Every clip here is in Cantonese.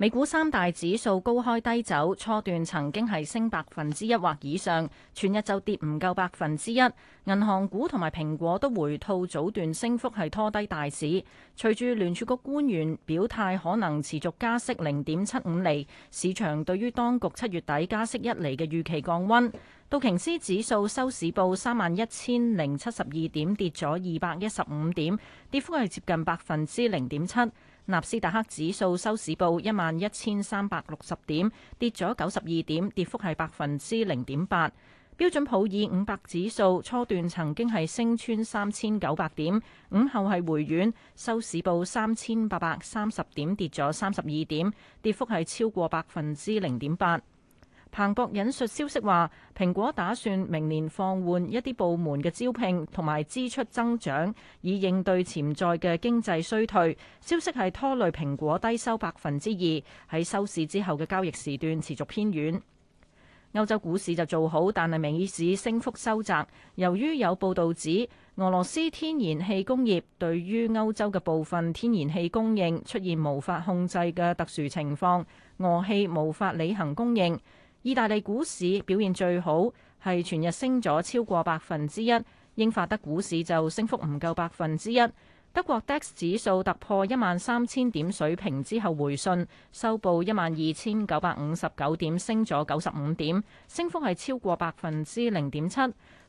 美股三大指數高開低走，初段曾經係升百分之一或以上，全日就跌唔夠百分之一。銀行股同埋蘋果都回吐，早段升幅係拖低大市。隨住聯儲局官員表態可能持續加息零點七五厘，市場對於當局七月底加息一厘嘅預期降溫。道瓊斯指數收市報三萬一千零七十二點，跌咗二百一十五點，跌幅係接近百分之零點七。納斯達克指數收市報一萬一千三百六十點，跌咗九十二點，跌幅係百分之零點八。標準普爾五百指數初段曾經係升穿三千九百點，午後係回軟，收市報三千八百三十點，跌咗三十二點，跌幅係超過百分之零點八。彭博引述消息話，蘋果打算明年放緩一啲部門嘅招聘同埋支出增長，以應對潛在嘅經濟衰退。消息係拖累蘋果低收百分之二，喺收市之後嘅交易時段持續偏軟。歐洲股市就做好，但係名義市升幅收窄。由於有報道指俄羅斯天然氣工業對於歐洲嘅部分天然氣供應出現無法控制嘅特殊情況，俄氣無法履行供應。意大利股市表現最好，係全日升咗超過百分之一。英法德股市就升幅唔夠百分之一。德國 DAX 指數突破一萬三千點水平之後回信，收報一萬二千九百五十九點，升咗九十五點，升幅係超過百分之零點七。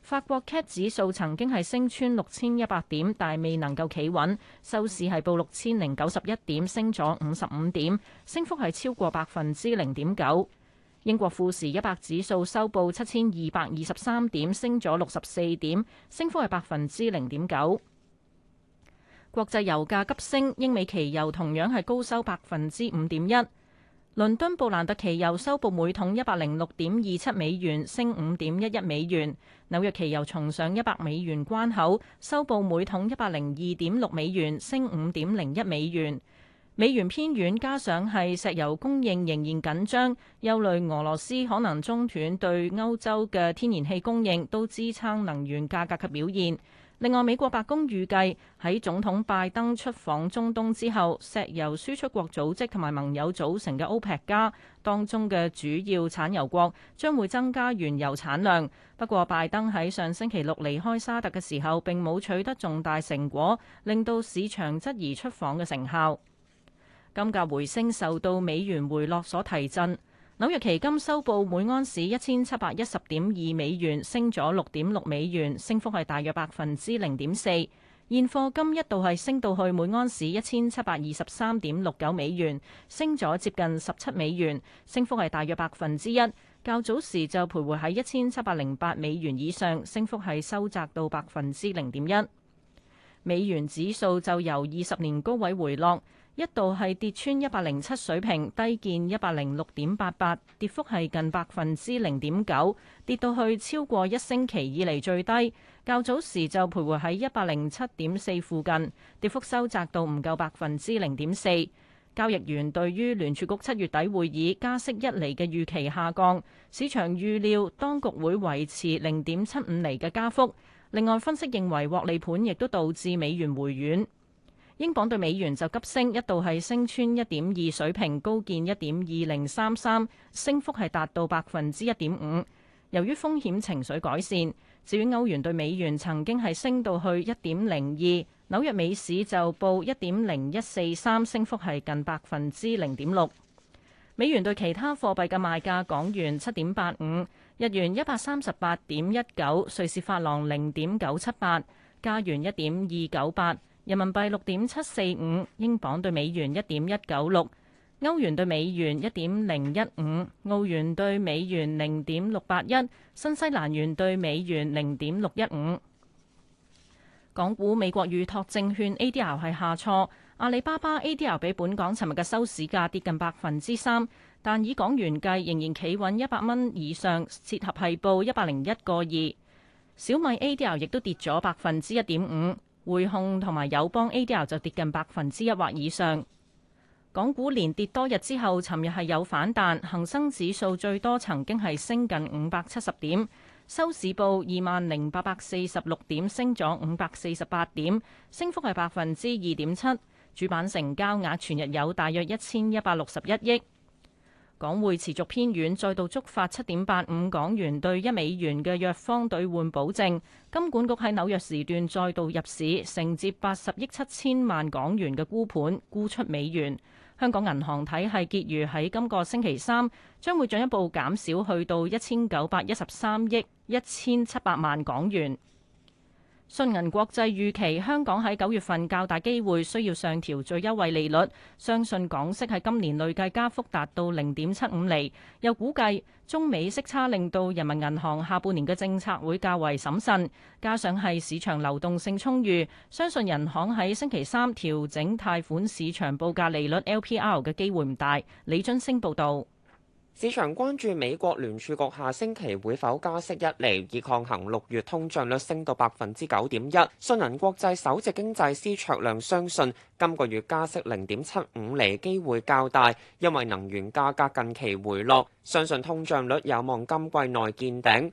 法國 CAC 指數曾經係升穿六千一百點，但未能夠企穩，收市係報六千零九十一點，升咗五十五點，升幅係超過百分之零點九。英國富時一百指數收報七千二百二十三點，升咗六十四點，升幅係百分之零點九。國際油價急升，英美期油同樣係高收百分之五點一。倫敦布蘭特期油收報每桶一百零六點二七美元，升五點一一美元。紐約期油重上一百美元關口，收報每桶一百零二點六美元，升五點零一美元。美元偏軟，加上係石油供應仍然緊張，憂慮俄羅斯可能中斷對歐洲嘅天然氣供應，都支撐能源價格及表現。另外，美國白宮預計喺總統拜登出訪中東之後，石油輸出國組織同埋盟友組成嘅歐佩克當中嘅主要產油國將會增加原油產量。不過，拜登喺上星期六離開沙特嘅時候，並冇取得重大成果，令到市場質疑出訪嘅成效。金價回升，受到美元回落所提振。紐約期金收報每安士一千七百一十點二美元，升咗六點六美元，升幅係大約百分之零點四。現貨金一度係升到去每安士一千七百二十三點六九美元，升咗接近十七美元，升幅係大約百分之一。較早時就徘徊喺一千七百零八美元以上，升幅係收窄到百分之零點一。美元指數就由二十年高位回落。一度係跌穿一百零七水平，低見一百零六點八八，跌幅係近百分之零點九，跌到去超過一星期以嚟最低。較早時就徘徊喺一百零七點四附近，跌幅收窄到唔夠百分之零點四。交易員對於聯儲局七月底會議加息一厘嘅預期下降，市場預料當局會維持零點七五厘嘅加幅。另外，分析認為獲利盤亦都導致美元回軟。英鎊對美元就急升，一度係升穿一點二水平，高見一點二零三三，升幅係達到百分之一點五。由於風險情緒改善，至於歐元對美元曾經係升到去一點零二，紐約美市就報一點零一四三，升幅係近百分之零點六。美元對其他貨幣嘅賣價：港元七點八五，日元一百三十八點一九，瑞士法郎零點九七八，加元一點二九八。人民幣六點七四五，英鎊對美元一點一九六，歐元對美元一點零一五，澳元對美元零點六八一，新西蘭元對美元零點六一五。港股美國預託證券 ADR 係下挫，阿里巴巴 ADR 比本港尋日嘅收市價跌近百分之三，但以港元計仍然企穩一百蚊以上，折合係報一百零一個二。小米 ADR 亦都跌咗百分之一點五。匯控同埋友邦 ADR 就跌近百分之一或以上，港股連跌多日之後，尋日係有反彈，恒生指數最多曾經係升近五百七十點，收市報二萬零八百四十六點，升咗五百四十八點，升幅係百分之二點七，主板成交額全日有大約一千一百六十一億。港匯持續偏軟，再度觸發七點八五港元兌一美元嘅弱方兌換保證。金管局喺紐約時段再度入市，承接八十億七千萬港元嘅沽盤沽出美元。香港銀行體系結餘喺今個星期三將會進一步減少，去到一千九百一十三億一千七百萬港元。信銀國際預期香港喺九月份較大機會需要上調最優惠利率，相信港息喺今年累計加幅達到零點七五厘。又估計中美息差令到人民銀行下半年嘅政策會較為審慎，加上係市場流動性充裕，相信銀行喺星期三調整貸款市場報價利率 LPR 嘅機會唔大。李津星報導。市場關注美國聯儲局下星期會否加息一厘，以抗衡六月通脹率升到百分之九點一。信銀國際首席經濟師卓亮相信，今個月加息零點七五厘機會較大，因為能源價格近期回落，相信通脹率有望今季內見頂。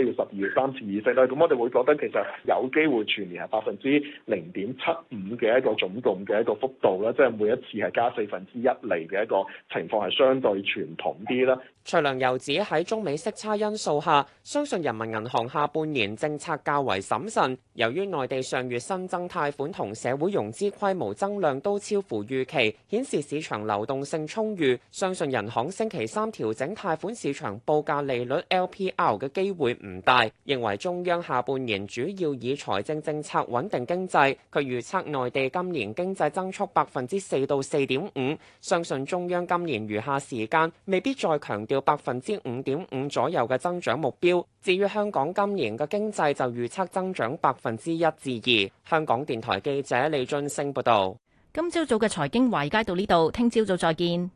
要十二月三次議息啦，咁我哋會覺得其實有機會全年係百分之零點七五嘅一個總共嘅一個幅度啦，即係每一次係加四分之一釐嘅一個情況係相對傳統啲啦。徐良又指喺中美息差因素下，相信人民銀行下半年政策較為審慎。由於內地上月新增貸款同社會融資規模增量都超乎預期，顯示市場流動性充裕，相信人行星期三調整貸款市場報價利率 LPR 嘅機會唔唔大，認為中央下半年主要以財政政策穩定經濟。佢預測內地今年經濟增速百分之四到四點五，相信中央今年餘下時間未必再強調百分之五點五左右嘅增長目標，至於香港今年嘅經濟就預測增長百分之一至二。香港電台記者李俊升報道。今朝早嘅財經華爾街到呢度，聽朝早，早再見。